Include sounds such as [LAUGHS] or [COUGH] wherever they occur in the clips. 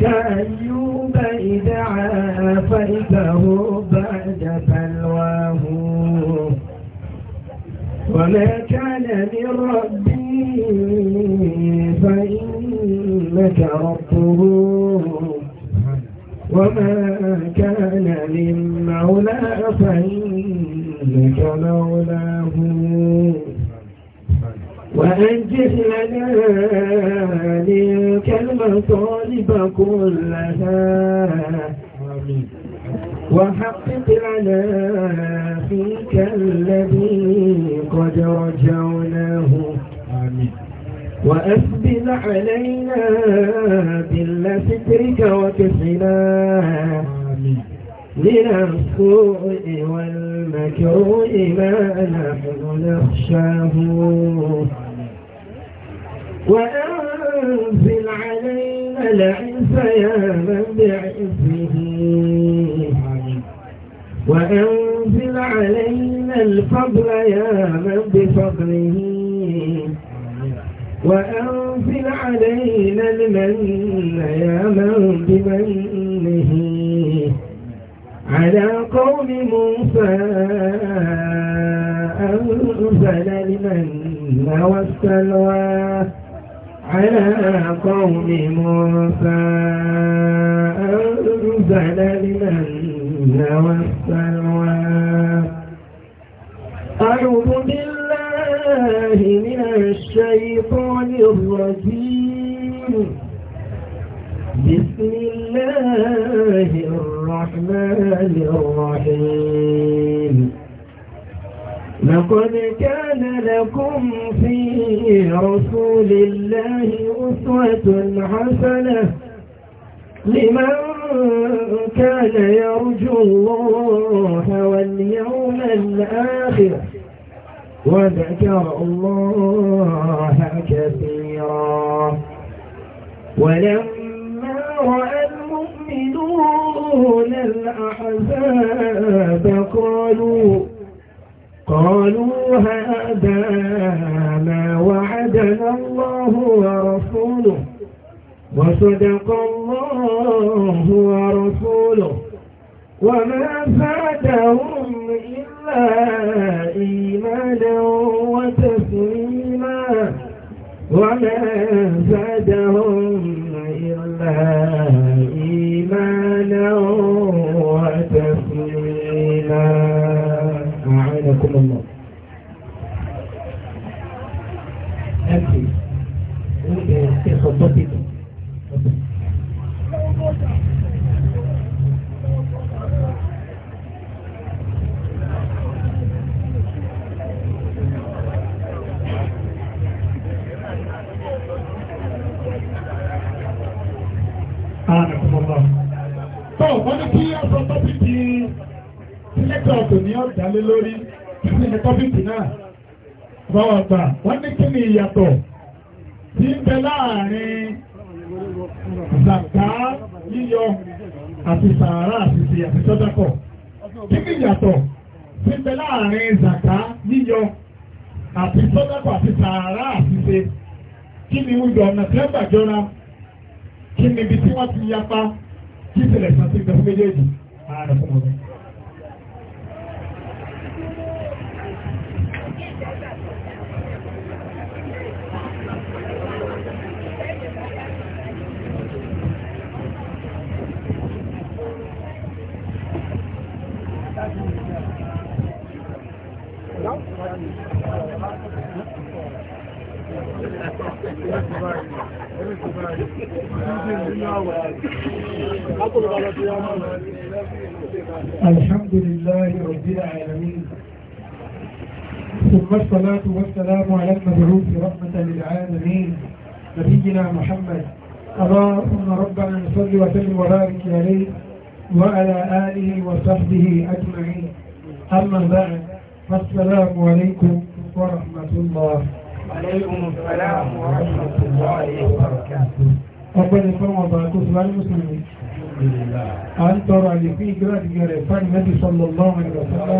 كأيوب إذا عافيته بعد فلواه وما كان من ربي فإنك ربه وما كان من مولى فإنك مولاه وأنجح لنا منك المطالب كلها وحقق لنا فيك الذي قد رجعناه وأثبت علينا بلا سترك وكفنا من السوء والمكروه ما نحن نخشاه وأنزل علينا العز يا من بعزه وأنزل علينا الفضل يا من بفضله وأنزل علينا المن يا من بمنه على قوم موسى أنزل المن والسلوى على قوم موسى أنزل المن والسلوى أعوذ بالله من الشيطان الرجيم بسم الله الرحمن الرحيم لقد كان لكم في رسول الله أسوة حسنة لمن كان يرجو الله واليوم الآخر وذكر الله كثيرا ولما رأى المؤمنون الأحزاب قالوا قالوا هذا ما وعدنا الله ورسوله وصدق الله ورسوله وما فاتهم إلا إيمانا وتسليما وما زادهم إلا إيمانا Jazakumullah. Okay. We can take a topic. Okay. Tọ́ wọ́n ní kí ọ̀sán tọ́pìkì sílẹ̀kọ̀ tò ní ọ̀dálé nínú tọ́fíìkì náà báwọn gbà wọ́n ní kí ni ìyàtọ̀ tí ń bẹ láàrin zàkà yíyọ àti sàárà àti àti sọ́dọ̀kọ̀ kí ni ìyàtọ̀ tí ń bẹ láàrin zàkà yíyọ àti sọ́dọ̀kọ̀ àti sàárà àti ṣe kí ni wíjọ ọ̀nà tí ó gbàjọra kí ni ibi tí wọ́n ti yapa kí ìṣẹ̀lẹ̀ kan ti fún méjèèjì ààrẹ fún ọdún. الحمد لله رب العالمين ثم الصلاة والسلام على المبعوث رحمة للعالمين نبينا محمد اللهم ربنا نصل وسلم وبارك عليه وعلى آله وصحبه أجمعين أما بعد السلام عليكم ورحمة الله عليكم السلام ورحمة الله وبركاته ọgbẹ́ni fọ́nà ọba tó ti wáyé mùsùlùmí a ń tọrọ àlèfín ìgbìyànjú rẹ̀ fáyì mẹ́bí sọ́lọ̀ lọ́wọ́ ìrọ̀sọ́lá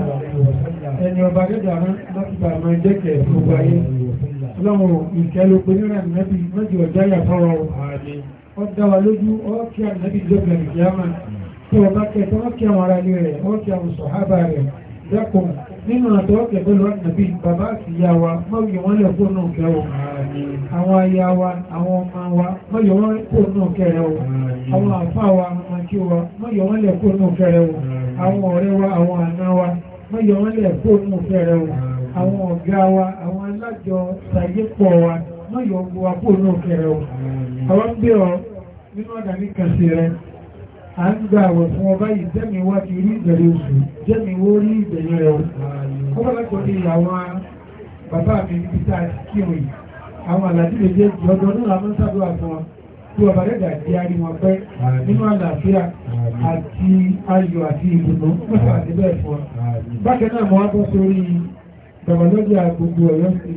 ẹni ọba gẹ́gẹ́ àrán láti bá àmà ìjẹ́kẹ̀ gbogbo ayé lọ́wọ́ ìkẹ́ ló pe nílẹ̀ mẹ́bí mẹ́jì ọjá yàtọ̀rọ̀ ọ dá wa lójú ọ kí à mẹ́bí jẹ́kẹ̀ nìkìyàmà nínú àtọ́ọ̀kẹ̀ pẹ̀lú ànàbí bàbá àti ìyá wa mọ́yọ̀ wọ́n lè kó náà kẹ́ àwọn wa àwọn ọmọ wa mọ́yọ̀ wọ́n kó náà kẹ́rẹ́ àwọn àfá wa ọmọ wa mọ́yọ̀ wọ́n kó náà àwọn ọ̀rẹ́ wa àwọn àna wa mọ́yọ̀ wọ́n kó náà kẹ́rẹ́ àwọn ọ̀gá wa àwọn alájọ wa mọ́yọ̀ wọ́n kó náà àwọn ọ nínú a ń gba àwẹ̀ fún ọba yìí jẹ́mi wá ti rí ìbẹ̀rẹ̀ oṣù jẹ́mi wó rí ìbẹ̀rẹ̀ rẹ̀ ọba ní àwọn bàbá mi níbi tá a àwọn àlàjì lè jẹ́ ọdún náà sábà fún wọn tí ọba lẹ́dà di arí wọn pẹ́ nínú àlàáfíà àti ayọ̀ àti ìdùnnú mọ́tò àti bẹ́ẹ̀ fún bákan náà mo wá bọ́ sórí gbogbo ọ̀yọ́ sí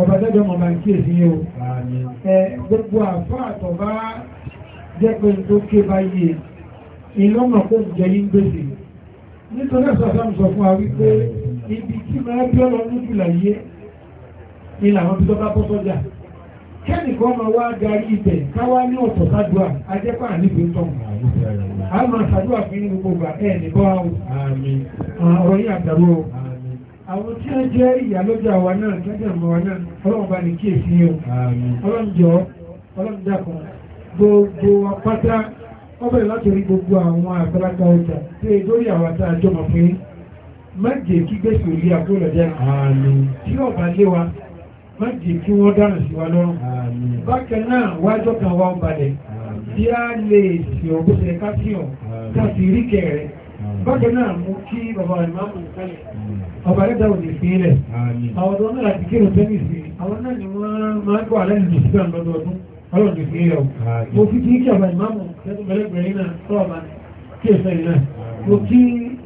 ọba mọ̀ máa ń jẹ́ pé tó ké bá yé ìlú mọ̀ kó jẹ yí gbèsè nítorí ẹ̀sọ́sọ́m sọ fún wa wípé ibi tí máa bí ọlọ́ lójú láyé ni làwọn bí tọ́ka bọ́ sọ́jà kẹ́nìkan máa wá darí ibẹ̀ káwá ní ọ̀tọ̀ sádùá ajẹ́pà níbi tọ́ a máa sàdúrà fún inú gbogbo gbà ẹ̀ nìbọ́ ọ̀rọ̀ yìí àdàrú o àwọn tí wọ́n jẹ́ ìyálójà wa náà kẹ́jẹ̀ mọ́ wa náà ọlọ́run bá ní kíyèsí o ọlọ́run jọ ọlọ́run dákun gbogbo apáta ọbẹ̀ láti rí gbogbo àwọn àgbàlagbà ọjà tí èyí lórí àwọn àti àjọmọ̀ fún yín má jẹ́ kí gbèsè orí agbóòlọ́jà ààlù tí ọba lé wa má jẹ́ kí wọ́n dáhùn sí wa lọ́rùn bákan náà wájọ́ kan wá ń balẹ̀ tí a lè sì ọ̀gbọ́sẹ̀ káfíọ̀ káfí rí kẹrẹ bákan náà mú kí bàbá ìmáàmù kalẹ̀ ọba rẹ̀ dáhùn ní ìpínlẹ̀ àwọn ọ̀dọ́ náà láti kírun tẹ́nìsì àwọn náà ni wọ́n máa ń gbọ́ àlẹ́ nínú sílẹ̀ lọ́dọọdún ọlọ́run lè fi rẹ̀ mo fi kí kí ọba ìmáàmù lẹ́gbẹ̀rẹ́gbẹ̀rẹ́ náà tọ́ọ̀bá kí èsẹ̀ náà mo kí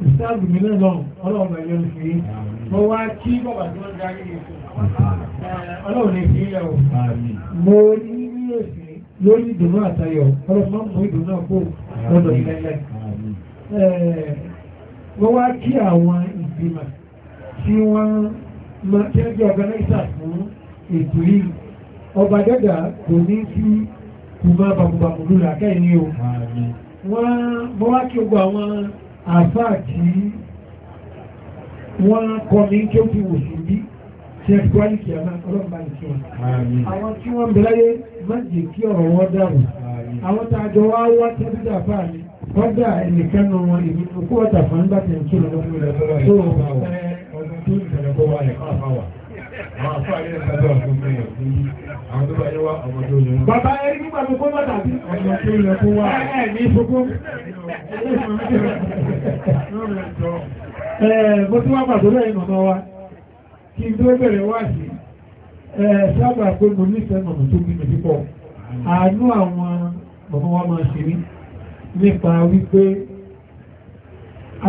ìsáàbù mi náà lọ́run ọlọ́run bá yọ sí mo wá kí bọ́bà tí wọ́n darí ọlọ́run lè fi rẹ̀ o mo ní ní èsì lórí ìdùnnú àtayọ̀ ọlọ́run máa ń mú ìdùnnú náà kó lọ́dọ̀ ìlẹ́lẹ́ mo wá kí àwọn ìgbìmọ̀ tí wọ́n máa tẹ́jọ́ ọ̀gánáìsà fún ètò yìí ọba dẹ́dà kò ní sí kùmọ́ bàbùbàbù lórí àkẹ́yìn ní o wọ́n mọ́ wá kí ogun àwọn àfáà tí wọ́n kọ́ mi kí ó fi wò sí bí tí ẹ gbọ́ ní kìíyàmá ọlọ́mọba ní kí wọn. àwọn tí wọ́n bẹ̀rẹ̀ má jẹ́ kí ọ̀rọ̀ wọn dàrú àwọn tá a jọ wá wá tẹ́lẹ̀ dà fáà ni kọ́dà ẹnìkan nù wọn èmi kó ọ̀tà fún nígbà tí n kí lọ́wọ́ tó ọ̀dọ̀ tó ń bẹ̀rẹ̀ kó wà ní káfáwà àwọn àfáà yẹn sábẹ́ ọ̀fún mi ò fún àwọn tó bá yẹ wá ọmọ tó yẹ. bàbá ẹni nígbà tó kó bàtà sí. ọmọ tó yẹ kó wá. ẹ ẹ ní ìfowópamọ́. ẹ mo tún wá pàtó lẹ́yìn màmá wa kí n tó bẹ̀rẹ̀ wá sí ẹ sábà pé mo nífẹ̀ẹ́ màmá tó bí mi púpọ̀ àánú àwọn màmá wa máa ṣe mí nípa wípé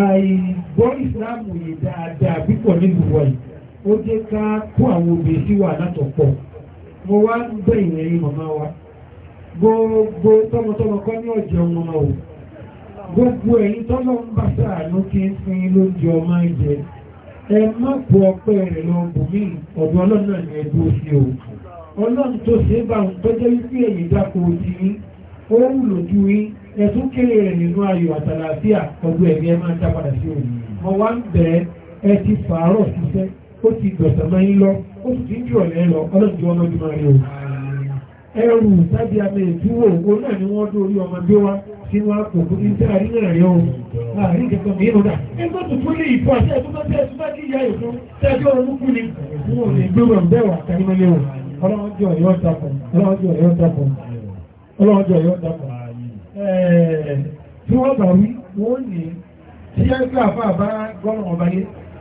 àìgbọ́ ìsìláàmù yìí dáadáa púpọ̀ nílùú wọ̀nyí. ó jẹ́ ká kó àwọn obì sí wà látọ̀pọ̀ wá ń bẹ́ ìyẹn màmá wa gbogbo tọmọtọmọ kọ́ ní ọ̀jẹ̀ ọmọ gbogbo ẹ̀yin tọ́lọ́ ń bá sáàánú kí ń lóúnjẹ ọmọ ẹ má ọpẹ́ rẹ̀ lọ bùnmí ọ̀dọ̀ ọlọ́run náà ní ẹgbẹ́ òsì o ọlọ́run tó ṣe bá ń wípé ẹ̀yìn dáko ti ó ń lò ẹ ń dá padà sí òní mo wá ń ẹ ti ó ti dọ̀sẹ̀ máa ń lọ ó sì ti ń jù ọ̀lẹ́ lọ ọlọ́run tí wọ́n mọ́jú máa rí o. ẹrù tàbí abẹ ìdúró owó náà ni wọ́n dórí ọmọ gbé wá sínú àpò kó ní sí àárín náà rí o. àárín kẹsàn-án mi ìrọ̀dà ẹ má tó tún lè ìfọ́ àti ẹ̀tún bá tẹ́ ẹ̀tún bá kí ìyá ìfún tẹ́jọ́ olúkú ni. wọn ò lè gbé wọn bẹ́ẹ̀ wà kárímọ́lé o ọlọ́run jọ ìyọ́ dàpọ̀ ọlọ́run jọ ìyọ́ dàpọ̀ ọlọ́run jọ ìyọ́ dàpọ̀ tí wọ́n bá wí wọ́n ní tí ẹgbẹ́ àfáà bá gbọ́ràn ọba yẹn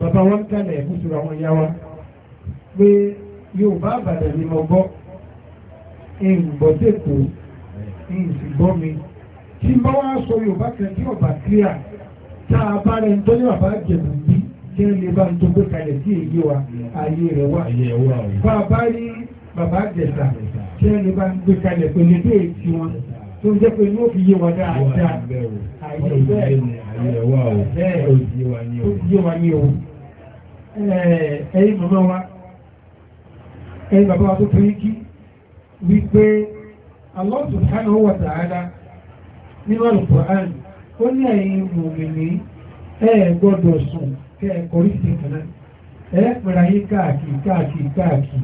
bàbá wọn kálẹ̀ ẹ̀kúsùn àwọn ìyá wa pé Yorùbá Ìbàdàn ni mo gbọ́ ìgbọ́ tẹ̀kọ́ ìgbọ́ mi tí bá wá sọ Yorùbá kan tí ọba clear tá a bá rẹ̀ ń bàbá jẹ̀bù bí kí ẹ lè bá ń tó gbé kalẹ̀ sí èyí wa ayé rẹ̀ wà bá a bá rí bàbá jẹ̀sà kí ẹ lè bá ń gbé kalẹ̀ pẹ̀lú bí èyí wọn tó jẹ́ pé ní ó fi yé wa dáadáa ayé rẹ̀ wà ó ti yé wa ní o ẹ̀yìn bàbá wa ẹ̀yìn bàbá wa tó torí kí wípé Allah subhanahu wa ta'ala nínú Al-Qur'an ó ní ẹ̀yin mùmìnì ẹ̀ gbọ́dọ̀ sùn kẹ́ ẹ̀ kọrí sí kanáà ẹ̀ pẹ̀lú ayé káàkiri káàkiri káàkiri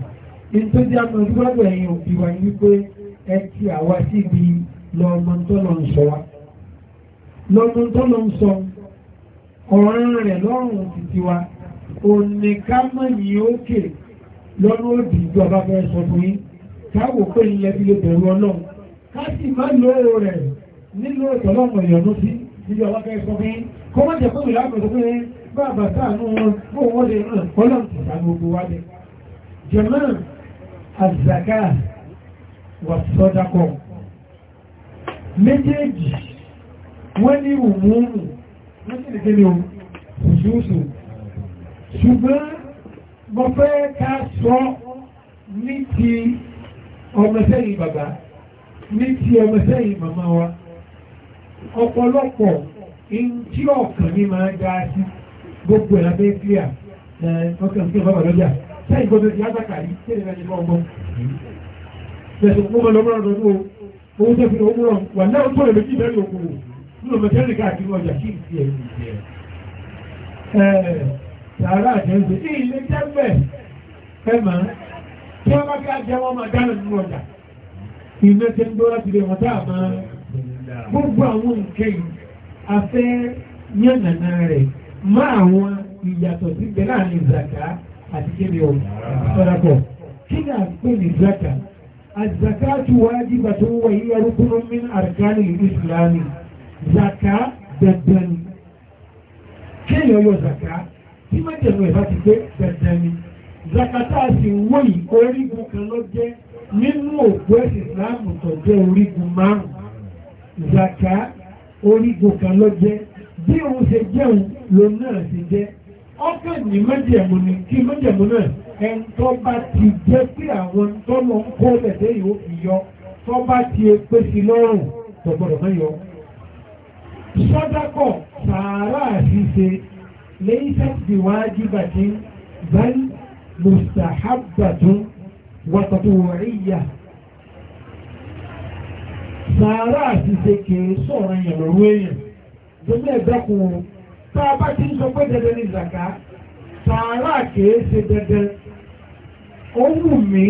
ní tó jẹ́ àmọ́ ìdúgbàgbọ́ ẹ̀yin òbí wa ní wípé ẹ ń sọ wa rẹ̀ lọ́rùn títí wa òní kámọ́ ní òkè lọ́nà òdì ìjọ àbábẹ́ sọ fún yín káwò pé ilẹ̀ fi lè bẹ̀rù ọlọ́run ká sì má lo rẹ̀ nílò ìtọ́lọ́mọ ìyọ̀nú sí ìjọ àbábẹ́ sọ fún yín kọ́ má jẹ́ fún ìlànà tó pé bá bàtà àánú wọn kó wọ́n lè ràn ọlọ́run ti sá gbogbo wa lẹ̀. jẹ̀mọ́ àzàkà wà sọ́dákọ̀ méjèèjì wọ́n ní òmùúrù wọ́n ṣùgbọ́n mo fẹ́ ká sọ ní ti ọmọ sẹ́yìn bàbá ní ti ọmọ sẹ́yìn màmá wa ọ̀pọ̀lọpọ̀ ìntí ọ̀kan ní máa dá sí gbogbo ẹ̀ abẹ́ à ọkàn sí ọ̀bá lọ́jà sẹ́yìn gbogbo ti látàkà yìí tí èdè ẹni fọ́ọ̀mọ́ tẹ̀sùn fún ọmọlọ́mọ́ ọdún owó tó fi owó rọ̀ wà náà tó lè jí bẹ́ẹ̀ òkú nínú mẹ́tẹ́rì káàkiri ọjà kí n fi ẹ̀yìn ìjẹ́ yàrá àjẹ́sẹ̀ ní ilé jẹ́gbẹ̀ ẹ̀mà tí wọ́n bá kí á jẹ́ wọ́n máa dáná nínú ọjà ilé tí ń gbọ́ láti lè wọ́n táà máa gbogbo àwọn nǹkan yìí afẹ́ yànnàna rẹ̀ má àwọn ìyàtọ̀ sí bẹ́ẹ̀ láàrin zaka àti kéde ọ̀ sọ́dọ̀kọ̀ kí ni àpè ní zaka azakatu wajibatu wa hiya tí mẹ́jẹ̀mú ẹ̀ bá ti pé dandan ni zakata sì ń wó yìí orígun kan ló jẹ́ nínú òkú ẹ̀sìn ìsìláàmù tó jẹ́ orígun márùn-ún zaka orígun kan ló jẹ́ bí òun ṣe jẹun lòun náà ṣe jẹ́ ọkàn ní mẹ́jẹ̀mú ni kí mẹ́jẹ̀mú náà ẹn tó bá ti jẹ́ pé àwọn tó lọ ń kó lẹ̀dẹ́ yìí ó fi yọ tó bá ti pé sí lọ́rùn tó mẹ́yọ. sọ́dákọ̀ sàárà ṣíṣe ليست بواجبة بل مستحبة وتطوعية sàárà àṣìṣe kìí sọ̀rọ̀ yẹn lọ́rọ̀ èèyàn gbogbo ẹ̀dẹ́kun tá a bá ti ń sọ pé dandan ní zaka sàárà kìí ṣe dandan ó wù mí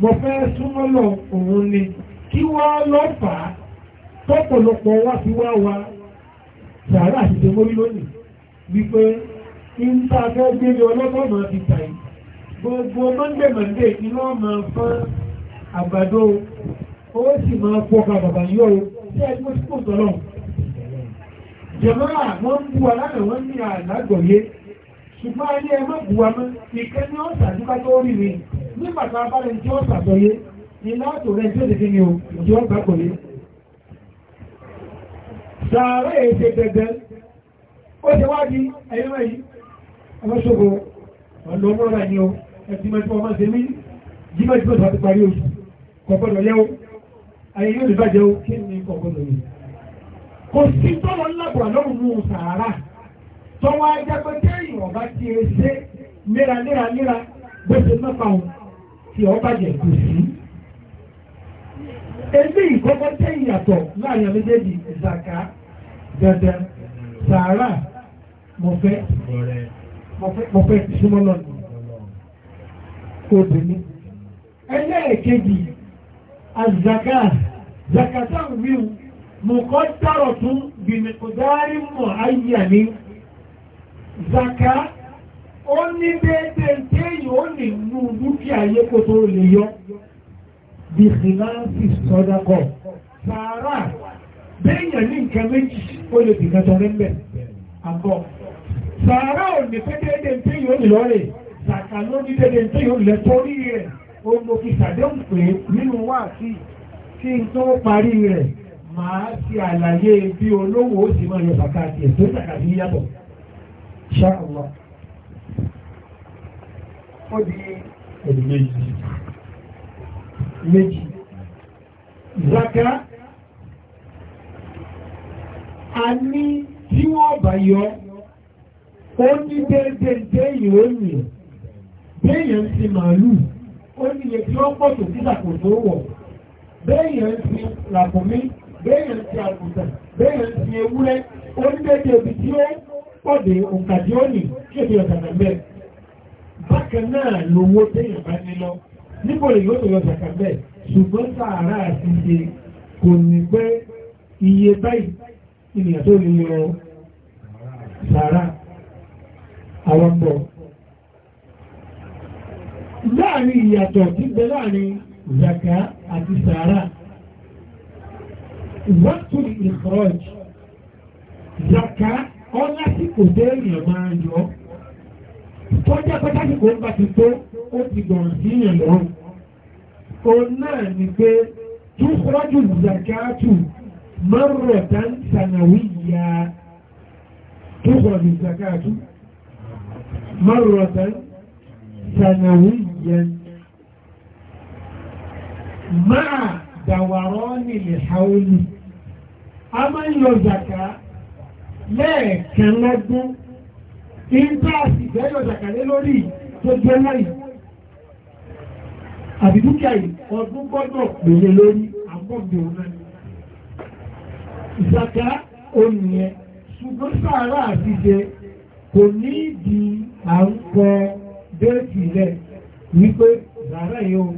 mo fẹ́ súnmọ́ lọ òun ni kí wọ́n lọ fà á tọ́pọ̀lọpọ̀ wá fi wá wa sàárà àṣìṣe mórí lónìí wípé ìta fẹ́ gbélé ọlọ́gbọ̀mọ̀ ti tàí gbogbo monday monday ni wọ́n máa fán àgbàdo ó sì máa pọ̀ka bàbá yóò tí ẹni mo sípò tọ́lọ̀ jẹ̀mọ́ra wọ́n bú wa lánàá wọ́n ní àlágbọ̀yé ṣùgbọ́n ayé ẹ má bú wa mọ́ ìkẹ́ ní ọ̀sà nípa tó rí rí nígbà tá a bá lè tí ọ̀sà sọyé ni látò rẹ̀ tí ó dìde ni o ìjọba kò yé sàárẹ̀ èdè gẹ́gẹ́ ó ṣe wá di ẹ̀yọ́ ẹ̀yí ọmọ́ṣògbò ọlọ́mọ́ra ni ó ẹ̀tí mẹ́tí ọmọ ṣe mí jímẹ́tí mẹ́tí wọ́n ti parí oṣù kọ̀gbọ́dọ̀ yẹ́ ó ayé yóò lè bàjẹ́ ó kí ni kọ̀gbọ́dọ̀ yìí kò sí tọ́lọ ńlábùrà lọ́rùn mú sàárà tọ́wọ́ ajá pé kéèyàn ọba ti ṣe léraléraléra bó ṣe mẹ́fà ó ti ọba jẹ kò sí. Ebi ìkọ́kọ́ tẹ́ ìyàtọ̀ láàrin méjèèjì ìzàká dandan mo fẹ́ mo fẹ́ ti súnmọ́ lọ́nà kó bèmí. ẹlẹ́ẹ̀kejì azaka zakata wíwù mo kọ́ dárọ̀ tún bìnnìkùdárí mọ̀ ayíyà ní zaka ó ní déédéé téèyàn ó lè nu dúkìá yẹ kó tó lè yọ bí fìlànsì sọdakọ̀ sàárà béèyàn ní nǹkan méjì ó lè dìgbàtọ̀ rẹ̀ mbẹ̀ àbọ̀ sàárà ò ní pédéédé tí yóò lọ rè sàkà ló ní dédé tí yóò lẹ torí rẹ̀ ó mo fi sàdéhùn pé nínú wá sí kí n tó parí rẹ̀ màá ṣe àlàyé bí olówó ó sì máa yọ sàkà tiẹ̀ tó sàkà sí yàtọ̀ ṣáàlọ́ ó di ẹ̀dùn méjì méjì zaka a ní tí wọ́n bá yọ ó ní déédéé déèyàn ó yìn déèyàn ti màálù ó ní iye tí wọ́n pọ̀ tó sí làpò tó wọ̀ béèyàn ti làkùnmí béèyàn ti àgùntàn béèyàn ti ewúrẹ́ ó ní déédéé ibi tí ó pọ̀dé òǹkà tí ó nì kéde ọ̀sàkà bẹ́ẹ̀ bákan náà lówó téèyàn bá ní lọ níbo lè yóò tó yọ ọ̀sàkà bẹ́ẹ̀ ṣùgbọ́n sàárà àti iye kò ní pé iye báyìí ènìyàn tó lè yọ sàárà àwọn pọ̀. Láàrin ìyàtọ̀ tí bẹ láàrin zaka àti sàárà, wọ́tún ìkọ̀ọ́j, zaka ọlá sí kò tẹ́ èèyàn máa yọ. Tọ́jà pẹ́tàkì kò ń bá ti tó, ó ti gbọ̀n sí èèyàn lọ́rùn. Òun náà ni pé tún kọ́jú zakatu mọ́rọ̀ tán sànàwí ya tún kọ́jú zakatu. مرة سنويا مع دوران الحول أما يزكى lẹ́ẹ̀kan lọ́dún ìntàṣì ìgbẹ́yọ̀ ìjàkàlẹ́ lórí tó jẹ́ láì àbìdúkà ọdún gbọ́dọ̀ pèlè lórí àgbọ́gbẹ̀ òun náà ìjàkà ònìyàn ṣùgbọ́n sàárà àti jẹ́ kò ní ìdí à ń kọ déètì rẹ̀ wípé rárá yóò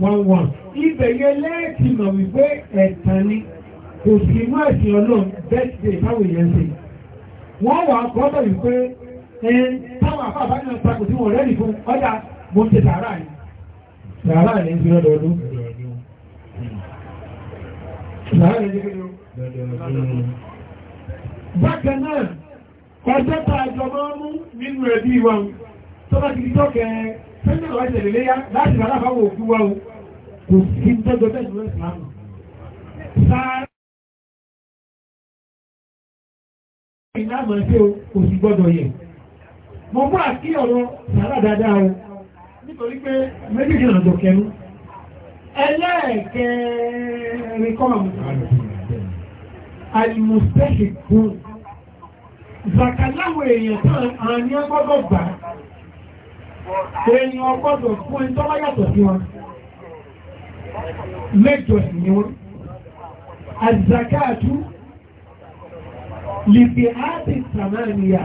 wọ́n wọ́n ibẹ̀ yẹ lẹ́ẹ̀tì mọ̀ wípé ẹ̀tàn ni kò sí inú ẹ̀sìn ọlọ́run bẹ́ẹ̀tì táwọn èèyàn ṣe wọ́n wà kọ́bọ̀ wípé ẹn táwọn náà takò tí wọ́n fún ọjà mo ṣe sàárà ni sàárà ni fi lọ́dọọdún sàárà ni fi lọ́dọọdún bákan náà Ọjọ́ ta àjọ máa mú nínú ẹbí wa o, tó bá ti tọ́ kẹ sẹ́ńtẹ̀lọ́ wáyé tẹ̀lé léyá láti bàbá àbáwọ̀ òkú wa o, kò sí tọ́jọ́ tẹ̀sùn lọ́sì láàmù. Sáárá ìlànà o kò sì gbọ́dọ̀ yẹ. Mo mú àkí ọ̀rọ̀ sàrà dáadáa o, nítorí pé méjèèjì ọ̀nà tó kẹnu. Ẹlẹ́ẹ̀kẹ́rin kọ́ àmì. Àlùmùsẹ́ṣì kúrò zaka láwọn èèyàn tán àwọn ní ọgbọ́dọ̀ gbà èèyàn ọgbọ́dọ̀ fún ẹni tó bá yàtọ̀ sí wọn mẹ́jọ sì ni wọ́n àzàkáàtú lìbì áàtì sàmáàníyà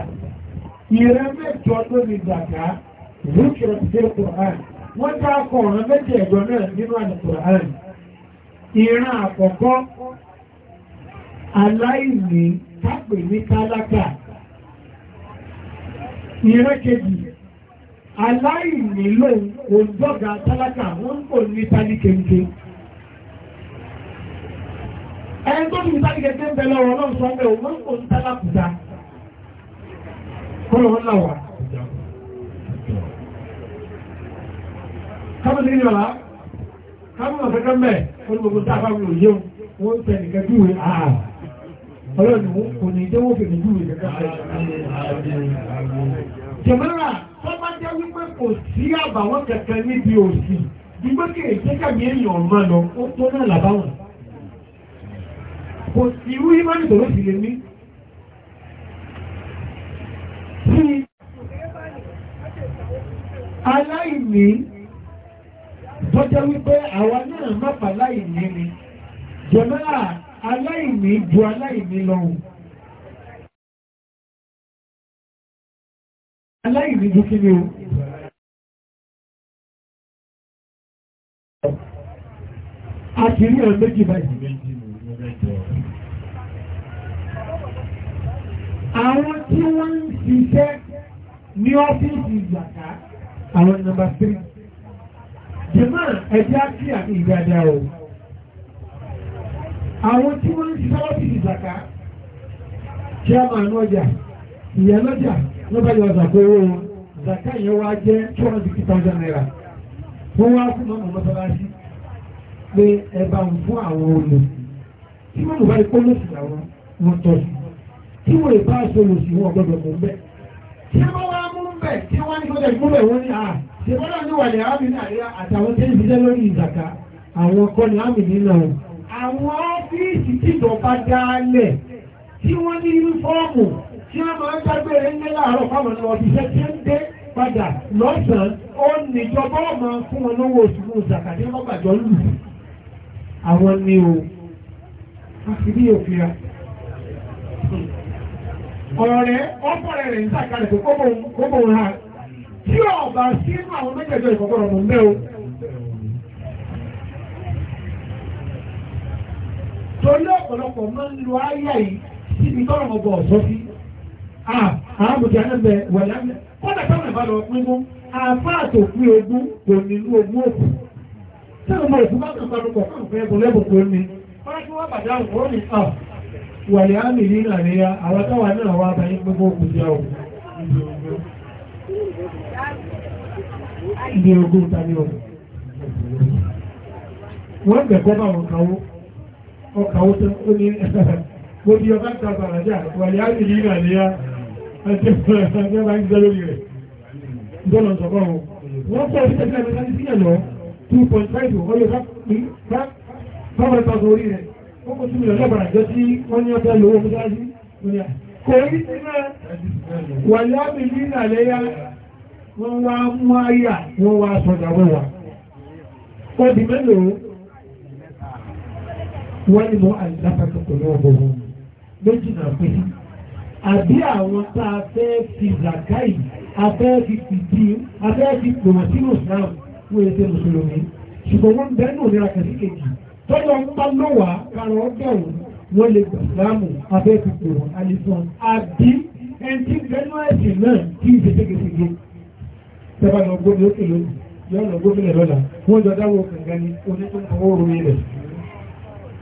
ìrẹ́ mẹ́jọ tó ní zàká rúkìrọ̀ sí Kùrán wọ́n dá akọ̀ ọ̀rọ̀ méjì ẹ̀jọ náà nínú àdìkùrán ìran àkọ́kọ́ aláìní tápè ní tálákà ìrẹ́ kejì aláìnílò òǹdọ́gà tálákà wọ́n kò ní tálí kéńké ẹni tó ní tálí kéńké ń bẹ lọ́wọ́ náà sọ pé òun kò ní tálákùdá kọ́lọ̀ wọn náà wà kábọ̀ sí ìyọ̀lá kábọ̀ ọ̀sẹ̀ kan bẹ́ẹ̀ olùgbogbo tá a bá wù yóò wọ́n ọlọ́dún kò ní jẹ́wọ́ fèrè jù rẹ̀ jẹ̀mọ́ra tó bá jẹ́ wípé kò sí àbàwọ́n kankan níbi aláìní tó jẹ́ wípé àwa náà má láìní ni jẹ̀mọ́ra aláìní ju aláìní lọ́hùn aláìní ju kí ni o a ti rí ọ̀rọ̀ méjì báyìí àwọn tí wọ́n ń ṣiṣẹ́ ní ọ́fíìsì ìgbàká àwọn nọ́mbà 3 jẹ́mọ́ ẹ̀já kí àti ìgbàdá o. àwọn tí wọ́n ń ìzàká chairman ọjà ìyẹn lọ́jà bá yọ zàkó owó wọn zàká yẹn wá jẹ́ two naira wọ́n wá fún mọ́mọ́ mọ́sálásí pé bá ń fún àwọn olè tí wọ́n lòsì tọ́ sí tí wọ́n lè bá aṣọ lòsì wọn mọ̀ tí wọ́n wá mú tí wọ́n ní àwọn àwọn ọ́fíìsì tìjọba dálẹ̀ tí wọ́n ní yúnífọ́ọ̀mù tí wọ́n máa ń dágbére ní láàárọ̀ fáwọn ọ̀nà tí ó ń dé padà lọ́sàn-án ó níjọba ọmọ fún wọn lówó oṣù fún lù àwọn ni o ha tí ọ̀bà sínú àwọn ìkọ̀kọ̀rọ̀ mọ̀ torí ọ̀pọ̀lọpọ̀ máa ń lo ayé yìí síbi tọ́rọ̀ ọgbọ̀ ọ̀sọ́ sí àwọn àbùjá náà bẹ wẹ̀lá kọ́dà táwọn ìbá lọ pín fún àfá àtòkú ogún kò nínú ogún òkú tí ó mọ̀ òkú bá kàn bá lọ́pọ̀ fún ìfẹ́ ẹgbùn lẹ́bùn tó ní wọ́n tí wọ́n bàjá òkú ní ọ̀ wàlẹ̀ àmì ní nàìjíríà àwọn táwà náà wà bá yí gbogbo òkú jẹ́ òkú ìdí ogún tàbí ọ̀rọ̀ wọ́n gbẹ̀kọ́ bá wọn kàwó ọkà ó tẹ́ ó ní [LAUGHS] mo di ọba ta bàràjà wàlẹ̀ á nìyí nà ní á ẹjẹ́ ẹjẹ́ bá ń gbé lórí rẹ̀ gbọ́nà sọ̀kọ́ wọn. wọ́n pọ̀ sí ẹgbẹ́ ẹgbẹ́ ní sílẹ̀ lọ two point five ọyọ bá bá bá orí rẹ̀ ó kó sí mi lọ́jọ́ bàràjọ tí wọ́n ní ọjọ́ lówó mú dájú kò rí sí wá mú àyà wọ́n wá sọ̀dà wọ́n wà wọ́n ní mọ́ àìdáfàtà pẹ̀lú ọgbọ̀gbọ̀n méjì náà pé àbí àwọn tá a fẹ́ fi zakai afẹ́ fi fìdí afẹ́ fi pòmọ̀tínú islam wọ́n yẹ fẹ́ mùsùlùmí ṣùgbọ́n wọ́n bẹ́ẹ̀ ní òmìnira kẹsí kejì tọ́jú ọmọ bá lọ́wọ́ kárọ̀ ọgbẹ̀rún wọ́n lè gbà islamu afẹ́ fi pòmọ̀ alifọ́n àbí ẹni tí bẹ́ẹ̀nú ẹ̀sìn náà kí n ṣe ségesège tẹ́bà lọ gómìnà lókè lónìí yọ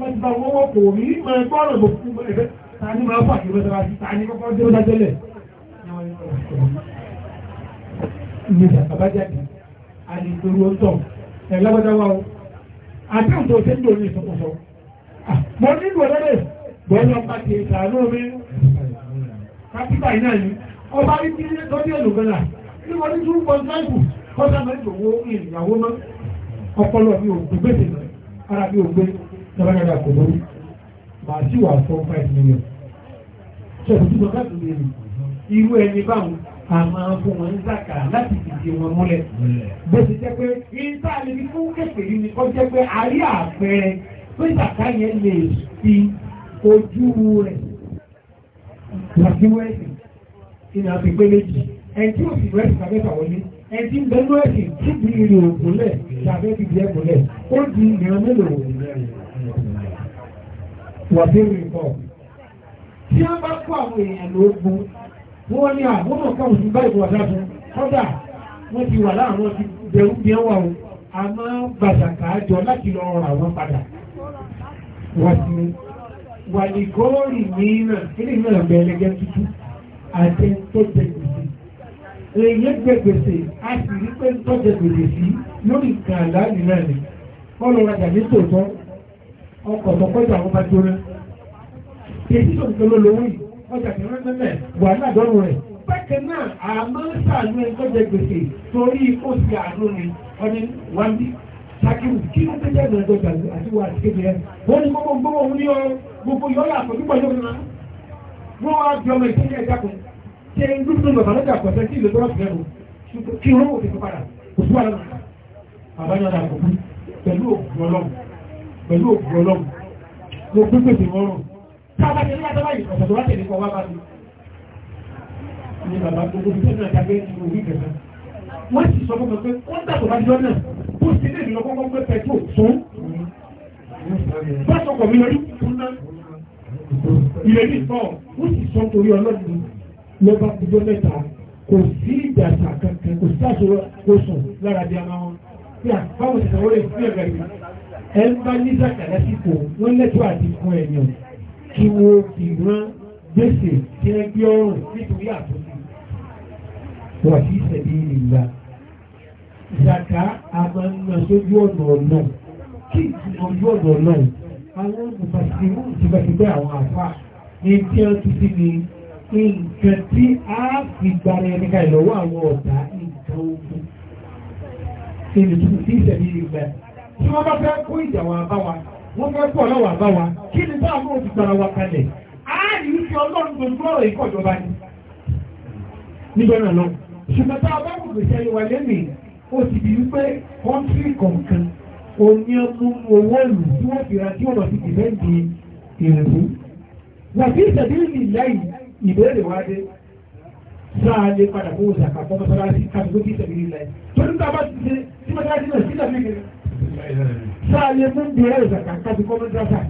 wọ́n ti bá wọ́wọ́ kò rí mọ ẹgbẹ́ ọ̀rọ̀ ìbò fún ẹgbẹ́ ta ni máa fà kìlọ́ sára sí ta ni kọ́kọ́ dé ó dájẹ́lẹ̀. ní ìdàgbàjáde àdìgbòrò ọ̀tọ̀ ẹ̀ lágbàdá wa o àtẹ̀wò tó ṣe ń dòní ìsọkọsọ. mo ní ìlú ọ̀lẹ́dẹ̀ bọ́ọ̀lù ọba ti ṣàánú mi kápítà yìí náà ni ọba ní kí ló dé èlò gbẹ́là ní wọ́n ní two point five kọ́sà mẹ́rin tó wó ìyàwó seven hundred kò lórí màá sì wà four five million ṣe kò túbọ̀ káàtó lè rí irú ẹni báwọn a máa fún wọn zàkà láti fìdí wọn múlẹ̀ bó ti jẹ́ pé ìta lè fi fún kékeré ni kó jẹ́ pé àrí àpẹẹrẹ pé zàkà yẹn lè fi ojú rẹ̀ lọ́síwọ́ ẹ̀sìn a àti pé méjì ẹni tí òsì rẹ̀ tàbí ìtàwọlé ẹni tí ń bẹ́nu ẹ̀sìn tí ìrìn òkúlẹ̀ tàbí ìdí ẹ̀kúlẹ̀ ó di ìran mélòó wọ̀dé rìpọ̀. Tí a bá kó àwọn èèyàn lóògùn, wọ́n ní àmúnà káwọn ti bá ìwọ̀n dájú. Kọ́dà, wọ́n ti wà láàrín ti bẹ̀rù bí ẹwà o, a máa ń gbàdàkà àjọ láti lọ rà wọ́n padà. Wọ́n ti wà ní góòrì mìíràn, ilé náà bẹ̀ ẹlẹ́gẹ́ tútù, àti tó tẹ gbèsè. Èèyàn gbẹ gbèsè, a sì rí pé ń tọ́jẹ gbèsè sí lórí ìkàlá nìlànà. Wọ́n ọkọ̀ ọ̀pọ̀pọ̀jà wọn bá jóná èyí tó ń tó lólówó yìí ọjà tó rán mẹ́mẹ́ wà ládọ́rùn rẹ̀ bákan náà àmọ́ sàánú ẹ̀ tó jẹ gbèsè torí ó sì àánú ni ọdún wọn bí sakiru kí ló tẹ́jẹ́ ìrìn àjọ ìgbàlú àti wà àti kékeré wọ́n ní gbogbo gbogbo òun ní ọ gbogbo yọ́lá àpòjúpọ̀ yóò rán wọ́n wá bí ọmọ ìpínlẹ̀ ẹ̀dá kan ṣe ń dúró nínú bàbá lọ́jà pọ̀sẹ̀ sí ìlú tó rọ̀ fẹ́ràn kí wọ́n wò ti fi padà kò sí wà lọ́nà àbáyọ̀ àkókò pẹ̀lú òkú ọlọ́run pẹ̀lú òkú ọlọ́run mo gbé pèsè mọ́rùn tábà tẹ̀lé àtọ́lá yìí ọ̀sẹ̀ tó wá tẹ̀lé kọ wá bá mi ní bàbá gbogbo tó náà jágbé ní orí ìgbẹ̀ta wọ́n sì sọ fún pé wọ́n dàgbà bá jọ náà bó sì lè lọ kọ́kọ́ pé pẹ̀tù tún bọ́sọ̀kọ̀ mi lórí tún náà ìrèlí sọ ó sì sọ torí kò sí ìdàṣà kankan kò sí kò sùn lára di ara wọn bí àbáwọn ìṣàwọlé ìpínlẹ̀ gàdìmọ̀ ẹ ń bá ní zaka lásìkò wọ́n lẹ́tọ́ àti fún ẹ̀yàn kí wọ́n fi rán gbèsè tí ẹ gbé ọrùn nítorí àtúntì wà sí ìṣẹ̀lẹ̀ ìlà zaka àmàlà sójú ọ̀nà ọ̀nà kí ìtúnjú ọ̀nà ọ̀nà àwọn olùfàṣẹ́wò ti bá ti bẹ́ àwọn àfà ní tí wọ́n ti ti ní nǹkan tí a fi gbára ẹni ká ìlọ́wọ́ àwọn ọ̀tá nǹkan ogun. Èlùtù sí ìṣẹ̀lẹ̀ ìgbà tí wọ́n bá fẹ́ kó ìjà wà bá wa wọ́n fẹ́ kó ọlọ́wà bá wa kí ni bá àwọn òfin gbara wa kalẹ̀ ààrin ti ọlọ́run tó dúró ọ̀rọ̀ ìkọ̀jọba ni níbẹ̀ náà lọ ṣùgbọ́n tá a bá kò gbèsè ayé wa lẹ́mìí ó ti di wípé kọ́ńtírì kọ̀ọ̀kan oní ọmú owó ìlú tí wọ́n fi ra tí wọ́n lọ sí dìbẹ́ǹdì ìrìnbú wàbí ìtẹ̀bílì nìlẹ́yìn ìbéèrè wa dé sáà lè padà kó o sàkà fọ́ mọ́sálásí kábíyó bí ìtẹ̀bílì nìlẹ́yìn torí nígbà bá ti ṣe tí mọ́sálásí náà sí ìtẹ̀bílì nìlẹ́yìn sáàyè mú bí ẹ̀rọ ìzàkà kájú kọ́ mẹ́tàṣà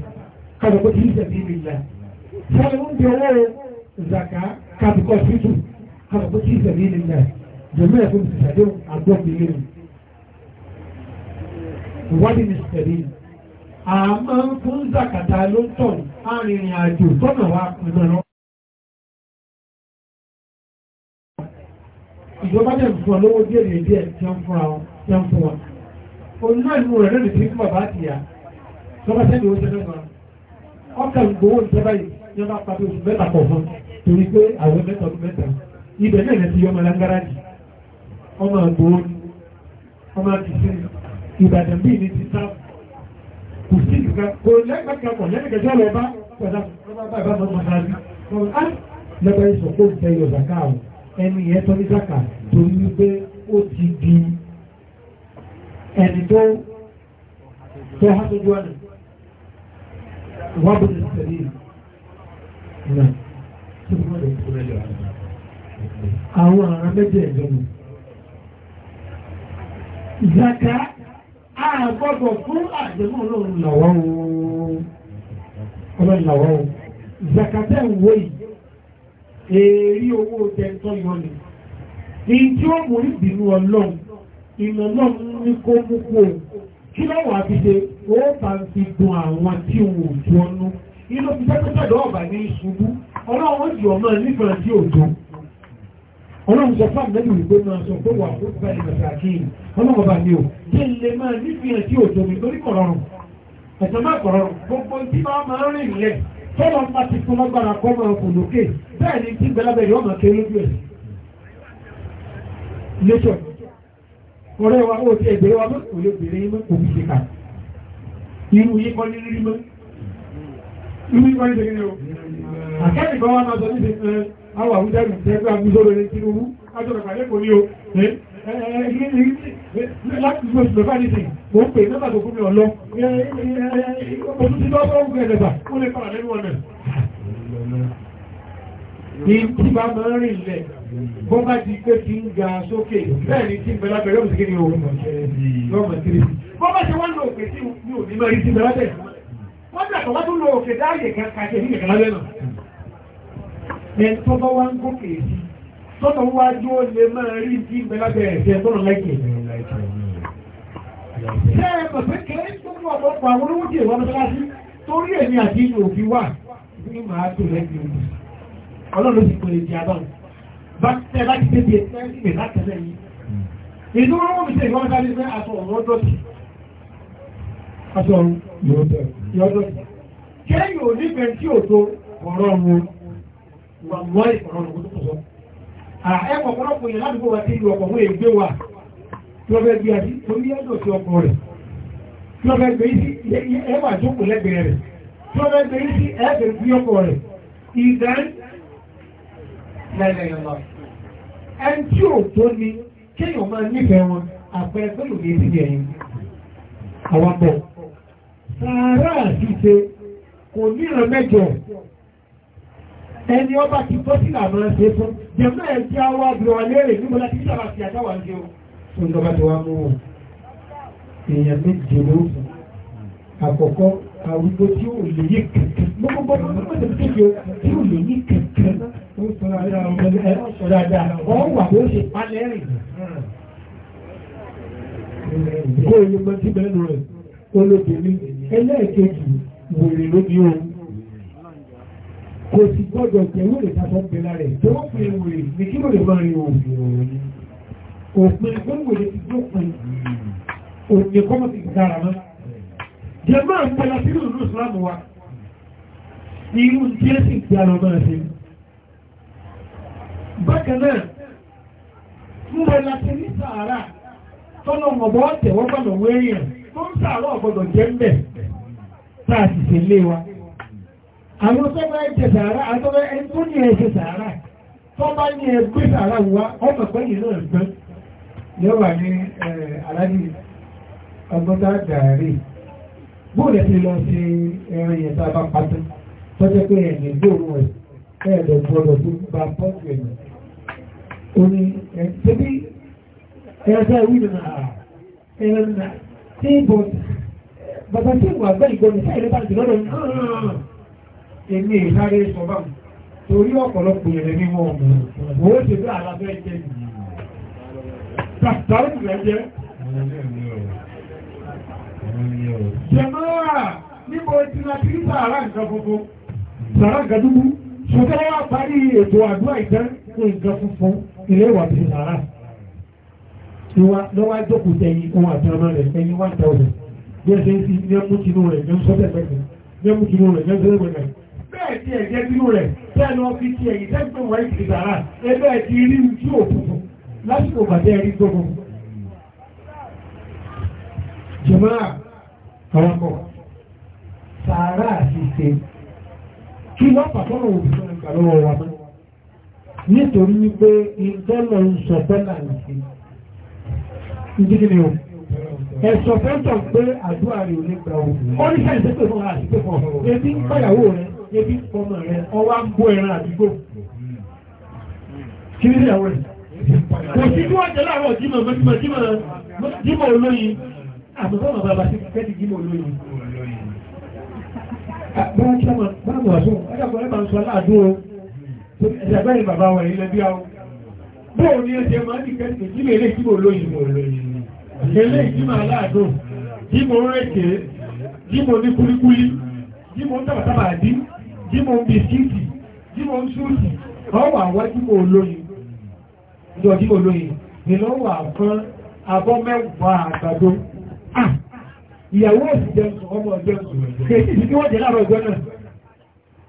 kájú kọ́ sí ìṣẹ̀bí mi ìlà sáàyè mú bí ọwọ́ ìzàkà kájú kọ́ sí ìtù kájú kọ́ sí ìṣẹ̀bí mi ìlà jẹ̀mọ́ ẹ̀kọ́ mi ṣàdé àgbọ̀ mi lé mi. ìwádìí mi ṣẹ̀bí mi. àmọ́ fún zàkàtà ló ń tọ̀ arìnrìn àjò tọ́nà wa pinnu lọ. ìjọba dẹ̀ fún ọ díẹ̀ díẹ̀ tí wọ́n fún wa òun náà nù rẹ̀ lónìí tí fún bàbá àti ìyá lọ́ba sẹ́ni ó sẹ́ni ọ̀gbọ́n ọkàn gbowó ìjọba yìí ní ọba pàdé oṣù mẹ́ta pọ̀ fún torí pé àwọn mẹ́ta ọdún mẹ́ta ibẹ̀ náà ti yọmọ lágbára jì ọmọ àgbòó ọmọ àbísí ìbàdàn bíi ní ti sá kò sí ìgbà kò lẹ́gbẹ̀ẹ́ kan mọ̀ lẹ́nu kẹjọ́ lọ bá pẹ̀lá ọba bá ìbá mọ́ mọ́sáájú ọ̀hún á lọ́ba yìí sọ pé ó ń tẹ yọ zaka ẹni yẹn tọ́ ní zaka torí wípé ó ti di ẹni tó tó há tó jọ ní wọ́n bú ní sẹ́lẹ̀ náà tó fún ọ̀dọ̀ tó rẹ̀ lọ àwọn ọ̀rọ̀ méjì ẹ̀jọ́ mi zaka a gbọ́dọ̀ fún àjẹmọ́ ọlọ́run lọ́wọ́ ọlọ́run lọ́wọ́ zakatẹ́ ìwé yìí èrí owó tẹ́ntọ́ yọ ni èyí mú ìbínú ọlọ́run ìmọ̀ náà ní kó púpọ̀ kí lọ́wọ́ àbíṣe ó bá ń fi dùn àwọn tí wò ju ọnú inú ti tẹ́tẹ́ tẹ́lẹ̀ ọ̀bà ní ṣubú ọlọ́run jù ọmọ nígbà tí ọlọ́run sọ fún àmì sọ pé wà ó ọlọ́run bá ní o kí n lè máa tí òjò mi lórí kọ̀rọ̀rùn ẹ̀sẹ̀ má kọ̀rọ̀rùn gbogbo tí máa máa ọ̀rẹ́ wa ó ti ẹ̀bẹ̀rẹ̀ wa mọ́ olóbìnrin mọ́ òun ṣe kà irú yí kọ́ ní rírí mọ́ irú yí kọ́ ní ṣe àkẹ́rì kan wá máa sọ níbi ẹ àwọn àwùjọ rẹ̀ tẹ́ gbà gbúdọ̀ rẹ̀ kí ló wú ájọ̀rọ̀ kàlẹ́ kò ní o láti gbé oṣù mẹ́fà nìsín mo ń pè mẹ́fà tó fún mi ọ̀lọ́ oṣù tí lọ́wọ́ ń bó bá ti pé ti ń ga sókè bẹ́ẹ̀ ni tí ń bẹ̀rẹ̀ abẹ́rẹ́ òsìkè ni òun lọ́mọ tiri bó bá ti wọ́n lo òkè tí mi ò ní máa rí sí bẹ̀rẹ̀ bẹ́ẹ̀ wọ́n dà tó wọ́n tún lo òkè dáàyè kàkẹ́ ní kẹ̀kẹ́ lábẹ́ náà ẹni tó bá wá ń gòkè sí tọ́nà wájú ó lè máa rí tí ń bẹ̀rẹ̀ abẹ́rẹ́ ẹ̀ṣẹ̀ tọ́nà láìkè ṣé ẹ mọ̀ pé kẹ́ẹ́ tó mú ọ̀pọ̀lọpọ̀ àwọn olówó jẹ́ ìwọ́n lọ́sọ́lá sí torí èmi àti ìlú bákẹ́ láti tẹ́bi ẹ̀sẹ̀ ìgbè látẹ̀lẹ̀ yìí ìlú wọn fi ṣe ìwọ́n sáré fẹ́ aṣọ ọ̀rọ̀ ọdọ́tì aṣọ ọ̀rọ̀ ọdọ́tì kẹ́yìn ò nífẹ̀ẹ́ tí ò tó ọ̀rọ̀ wọn wà mọ́ ìkọ̀rọ̀ ọ̀rọ̀ tó sọ ẹ̀kọ́ ọ̀pọ̀lọpọ̀ yẹn ládùúgbò wa ti lu ọkọ̀ fún ègbé wa tí wọ́n fẹ́ gbé àti torí ẹ̀dọ̀ sí ọkọ̀ rẹ̀ tí wọ́n fẹ́ gbé sí ẹ̀wà jókòó lẹ́gbẹ̀ẹ́ rẹ̀ tí wọ́n fẹ́ gbé sí ẹ̀ẹ́dẹ̀ gbé ọkọ̀ rẹ̀ ìdán lẹ́lẹ́yìn lọ́wọ́ ẹni tí ò tó ni kéèyàn máa nífẹ̀ẹ́ wọn àpẹẹrẹ pẹ̀lú ní ti ẹ̀yìn àwọn bọ̀. sàárà àṣìṣe kò níran mẹ́jọ ẹni ọba ti tó sí làmọ́ ṣe fún jẹ́mọ́ ẹ̀ tí a wá bí wọn léèrè níbo láti bí sábà fi àtàwà ń ṣe o. tó ń dọ́gba tó wá mú wọn èèyàn méje ló àkọ́kọ́ àwùjọ tí ò lè yí kẹ̀kẹ́ gbogbo gbogbo kéde yóò lè ní kẹ̀kẹ́ wọ́n wà bí ó ṣe palẹ̀ rìn. kó o lè mọ sí bẹ́ẹ̀ lọ rẹ̀ olóbìnrin ẹlẹ́ẹ̀kejì wèrè lóbi o kò sì gbọ́dọ̀ jẹ́wọ́ lè sá fún bẹ́ẹ̀ rẹ̀ tó wọ́n fi wèrè ní kí ló lè máa rin òfin òfin pé wèrè ti dópin òfin kọ́mọ̀tì dára mọ́ jẹ́ irú jésì tí a lọ bá ṣe bákan náà mbọ̀ láti ní sàárà tọ́nà ọ̀bọ̀ ọ̀tẹ̀ wọ́n gbọ́dọ̀ wé èèyàn tó ń sàárà ọ̀gbọ̀dọ̀ jẹ́ ń bẹ̀ tá a sì ṣe lé wa àwọn tó bá jẹ sàárà àtọ́bẹ̀ ẹni tó ní ẹ ṣe sàárà tó bá ní ẹ gbé sàárà wá ọmọ pẹ́ yìí náà gbẹ́ yóò wà ní aláàjì ọgbọ́n tá a bóòlù ẹ lọ sí ẹran yẹn tá a bá pátá tọ́jẹ́ pé ẹ̀yìn ìgbé òun ẹ̀ ẹ̀ẹ̀dẹ̀ gbọ́dọ̀ tó bá pọ́ọ̀tù ẹ̀yìn ó ní ẹ̀ẹ́dẹ́bí ẹ̀ẹ́dẹ́ ìwé náà ẹ̀ẹ́dẹ́ náà tí bọ̀ bàbá tí ìwà gbẹ́ ìgbọ́ ní sáyẹ̀ lẹ́bàá jùlọ lọ́nà èmi ìsáré sọ́bà torí ọ̀pọ̀lọpọ̀ yẹ̀rẹ̀ ní wọn mọ̀ ó ṣe bí alábẹ́ jẹ́ Jẹ̀mọ́ra níbo ti na kìrìsà àrá nǹkan gbogbo sàrá gàdúgbù ṣùgbọ́n wá parí ètò àdúrà ìdán nǹkan funfun ilé ìwà ti sàrá lọ́wọ́ àjọkù tẹ̀yìn ohun àtàmà rẹ̀ ẹ̀yìn wá tẹ̀wọ̀ bí ẹ̀ṣẹ̀ ń fi ní ẹmú tinú rẹ̀ ní sọ́tẹ̀ pẹ̀lú ní ẹmú tinú rẹ̀ ní ẹsẹ̀ pẹ̀lú bẹ́ẹ̀ tí ẹ̀jẹ̀ tinú rẹ̀ bẹ́ẹ̀ lọ fi ti ẹ̀yìn tẹ́gbọ̀n wáyé ti sàrá ẹgbẹ́ ti rí ojú òkùnkùn lásìkò bàtẹ́ rí gbogbo jẹ̀mọ́ àwọn kọ̀ sàrá àti ìṣe kí wọ́n pàtọ́nà òfin ìgbàlọ́wọ́ wa mọ́ nítorí wípé ìtọ́lọ̀ ń sọ tọ́lá nìkan ìdíkìlì o ẹ̀sọ̀ fẹ́ntọ̀ pé àdúrà rẹ̀ ò ní gba o ó ní sáyẹn sẹ́pẹ̀ fún ara àdúgbò kan ebi ń pàyàwó rẹ ebi ń pọmọ rẹ ọwá ń bó ẹran àdúgbò kí ní ìyàwó rẹ kò sí kí wọ́n jẹ láàárọ̀ jímọ̀ mọ́jímọ̀ jímọ̀ olóyin àbúkọ́ màbàbà sí mú wàásù ọjọ́pọ̀ lẹ́bà ń sọ aláàdó o ẹ̀sẹ̀gbẹ́ ni bàbá wọn ilẹ̀ bí i àwọn bóò ní ẹsẹ̀ máa ń dìkẹ́ sí kí lè lè kí mo lóyìn mo lóyìn lè lè kí máa láàdó kí mo rẹ̀kẹ́ kí mo ní kúlíkúlí kí mo ń tàbàtàbà dín kí mo ń bisikíìtì kí mo ń súùtì ọwọ́ ah! àwọn kí mo lóyìn ìjọ kí mo ìyàwó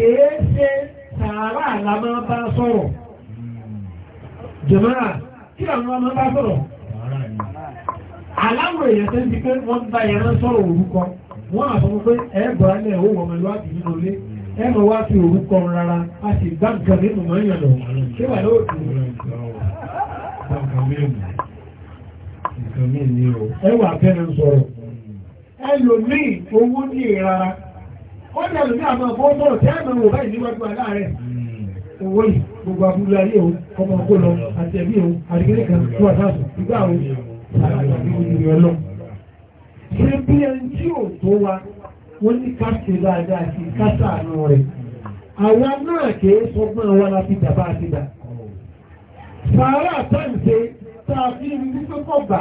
kèé ṣe sàárà bá sọ́rọ̀ jẹ̀mọ́ra kí àwọn ọmọ bá sọ́rọ̀ aláwọ̀ èèyàn tẹ́ ti pé wọ́n bá ẹran sọ̀rọ̀ orúkọ wọ́n àfọwọ́ pé ẹ̀ẹ́bọ̀rá ní ẹ̀wọ́ wọ̀mọ̀ lọ́wọ́ àti nínú ilé wá orúkọ rárá a sì gbá nǹkan nínú mọ́ ó ní ẹlòmí àmọ́ fọ́nbọ́n tí ẹ̀mọ̀ wò báyìí níwájú aláàrẹ̀ owó yìí gbogbo abúlé ayé o ọmọ ọkọ lọ àti ẹbí o àdìgẹ́lẹ̀ kan tó wà wa wọ́n ní náà la fi dàbá ti dà. sàárà táǹṣe tá a fi ń bí tó kọ̀ bà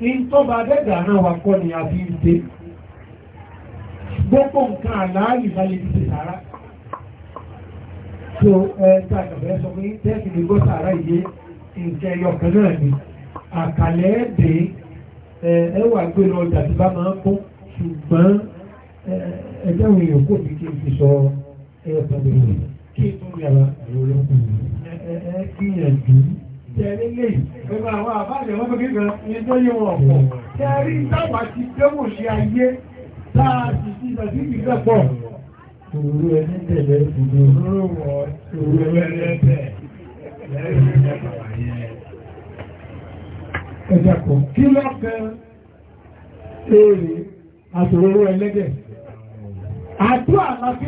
ń tọ́ba adẹ́gà náà wà kọ́ ni a fi ń ṣe gbogbo nǹkan àlàáyì láyé ti ti sàárá so ẹ̀ẹ́ta ìgbàfẹ́ sọ pé tẹ́ẹ̀sì lè gbọ́ sàárá yìí nǹkan ẹyọ kan náà ni àkàlẹ̀ ẹ̀dẹ̀ ẹwà gbé lọ ọjà tí bá máa ń kún ṣùgbọ́n ẹgbẹ́rún èèyàn kò fi kí n fi sọ ẹyọ kan lè rìn kí n tún yàrá ẹ̀rọ lọ́kùn ẹ̀ kíyànjú tẹ̀lé lè gbẹ̀gbẹ̀ àwọn àbájẹ̀ wọn tó kékeré ẹjọ́ yẹ wọn táàtì sí ìdàbí ìgbẹ́pọ̀ òru ẹni tẹ̀lé òru wọ̀ òru ẹni tẹ̀ lẹ́yìn ìjọba yẹn. ẹ̀jẹ̀ kò kí lọ́kàn èrè àtòróró ẹlẹ́dẹ̀ àdúrà máa fi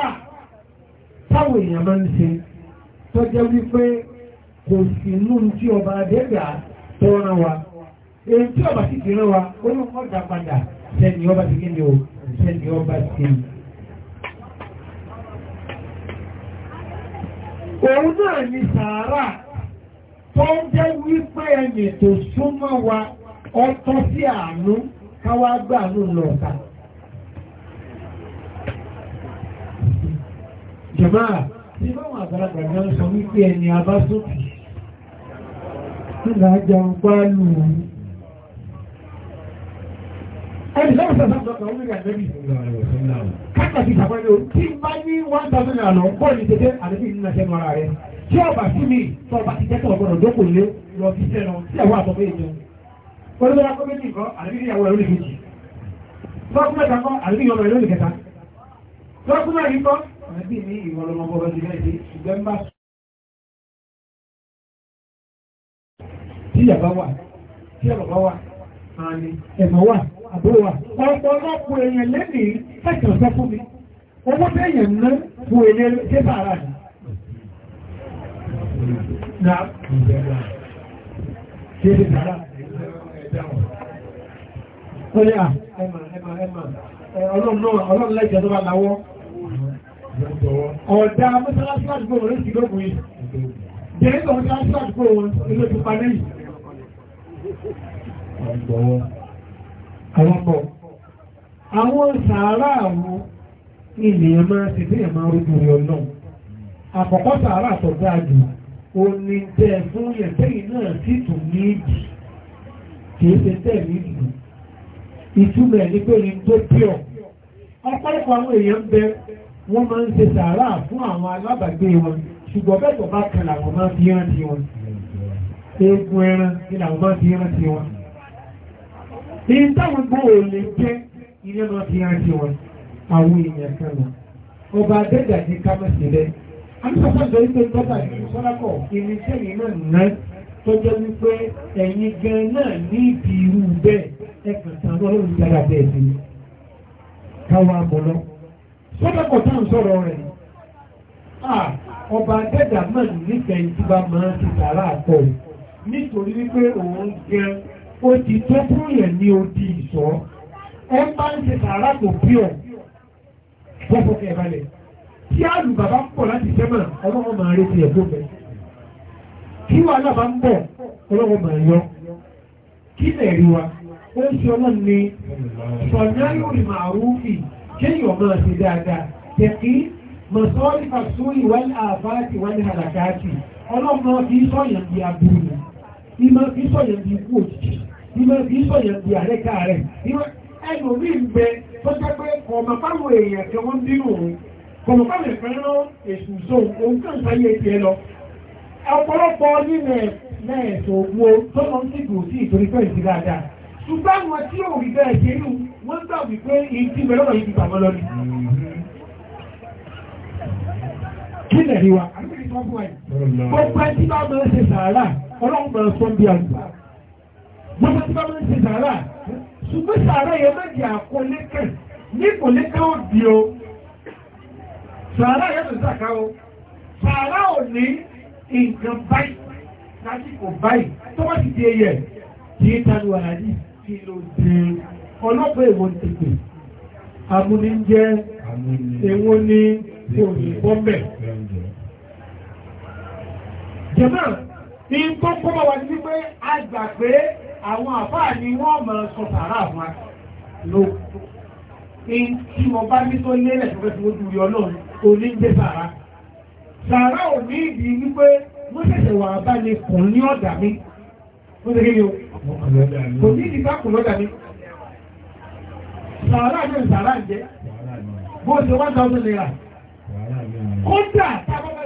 ọ́ táwọn èèyàn máa ń ṣe tó jẹ́ wípé kò sí inú tí ọba adẹ́gbà tó rán wa èyí tí ọba sì ti rán wa ó ní ọjà padà sẹ́ni ọba ti kéde o sẹ́ni ọba ti òun náà ni sàárà tó ń jẹ́ wípé ẹni tó súnmọ́ wa ọtọ́ sí àánú káwá gbà àánú lọ́ọ̀ta jẹ̀má tí báwọn àgbàlagbà náà sọ wípé ẹni abá sókè nígbà ajá ń gbá lù ú ẹni sọ́rọ̀ sọ́rọ̀ sọ́rọ̀ orílẹ̀ àdẹ́bì kákàtí sàpẹ́lẹ̀ o tí bá ní one thousand naira lọ bọ́ọ̀ ní tẹ́tẹ́ àdẹ́bì nínú ẹsẹ̀ nù ara rẹ̀ tí ọba sí mi tọ́ ọba ti tẹ́tọ̀ ọgbọ́dọ̀ lóko lé lọ sí ẹ̀rọ nìkejì lọ́kùnrin kan àdẹ́bì àbí ní ìwọlọmọbọrọ ti náà ṣe ṣùgbọ́n bá tí yàbá wà tí yàbá wà àní ẹ̀mọ́ wà àbó wà ọ̀pọ̀lọpọ̀ èèyàn lẹ́nìí sẹ́kàn sọ fún mi owó tẹ̀yàn ná fún èlé ṣé bàrà ni. Na ṣe ṣe bàrà ẹ̀dá wọn. Ọlọ́run náà ọlọ́run lẹ́jọ́ tó bá láwọ́ ọ̀dá mọ́sálásí àdúgbò rẹ̀ sí lóògùn yìí jẹ́ ìgbà mọ́sálásí àdúgbò ilé ti pa lẹ́yìn àwọn ọmọ àwọn sàárà àwọn ilẹ̀ ẹ̀mọ́ ti dé ẹ̀mọ́ orúkú rẹ̀ náà àkọ́kọ́ sàárà tó dáa jù ó ní tẹ́ fún ẹ̀tẹ́yìn náà sì tún ní ìdì kìí ṣe tẹ́ ní ìdì ìtumọ̀ ẹ̀ ní pé ní tó pure ọ̀pọ̀lọpọ̀ àwọn èèyàn bẹ wọ́n máa ń ṣe sàárà fún àwọn alábàgbé wọn ṣùgbọ́n bẹ́ẹ̀ tó bá kan làwọn máa fi rántí wọn eegun ẹran ni làwọn máa fi rántí wọn èyí táwọn gbọ́ ò lè jẹ́ ilé máa fi rántí wọn àwọn èèyàn kan lọ ọba adẹ́gà ní kámẹ́sì rẹ̀ amúsọ́sọ́sọ́ yìí pé tọ́ta ìṣọ́lákọ̀ irinṣẹ́ yìí náà ná tọ́jọ́ wípé ẹ̀yin gan náà ní ìdí irú bẹ́ẹ̀ ẹ̀kan tán lọ́rùn dára bẹ́ẹ̀ sí káwọn amọ̀ lọ́wọ́ sọ́dọ̀kọ̀ tó ń sọ̀rọ̀ rẹ̀ ọba dẹ́dà máa nífẹ̀ẹ́ tí bá máa ti sàárà pọ̀ nítorí wípé òun jẹ ó ti tó fún yẹn ní odi ìṣọ́ ẹ bá ń ṣe sàárà kò bí ọ̀ fọ́fọ́kẹ́ ìbálẹ̀ tí àlù bàbá ń pọ̀ láti sẹ́mà ọlọ́wọ́ máa retí ẹ̀ tó bẹ̀ kí wàhálà bá ń bọ̀ ọlọ́wọ́ máa yọ kí lẹ̀ rí wa ó ń ṣe ọlọ́ni sọ̀nyá yóò rí màrúfì kéèyàn máa ṣe dáadáa tẹ̀kí mọ̀sọ́ọ́lì fàṣúrì wọ́n àbáàtì wọ́n àlàkáàtì ọlọ́mọ kì í sọ̀yàn di aburú ni ìmọ̀ kì í sọ̀yàn di ikú òjijì ìmọ̀ kì í sọ̀yàn di àrẹ́kà rẹ̀ ẹnu mi ń bẹ tó jẹ́ pé ọmọ fáwọn èèyàn kan wọ́n bínú wọ́n gbà wípé ìdí mẹ́lọ́rọ̀ yìí ti bàbọ́ lọ ní kí lẹ̀ rí wa gbogbo ẹ tí bá mọ́ ṣe sàárà ọlọ́run mọ́ sọ bí àgbà gbogbo tí bá mọ́ ṣe sàárà ṣùgbọ́n sàárà yẹn méjì àkọlékẹ̀ ní kòlékẹ̀ ó di o sàárà yẹn tó sàkà o sàárà ò ní nǹkan báyìí lásìkò báyìí tó bá ti di ẹyẹ kì í tanu àlàyé kí ló dé ọlọ́pàá èwo ti pè amúni ń jẹ́ èwo ní òyìnbó mẹ́. ní tó kọ́ bá wa ní wípé a gbà pé àwọn àfáà ni wọ́n mọ̀ sọ sàrà àwọn lò ní tí wọ́n bá ní tó lélẹ̀ tó fẹ́ fi wọ́n dúró ọlọ́run òní ń jẹ́ sàrà sàrà ò ní ìdí sàárà ní ìsàárà jẹ́ bó ṣe 1000 naira kódà tábọ́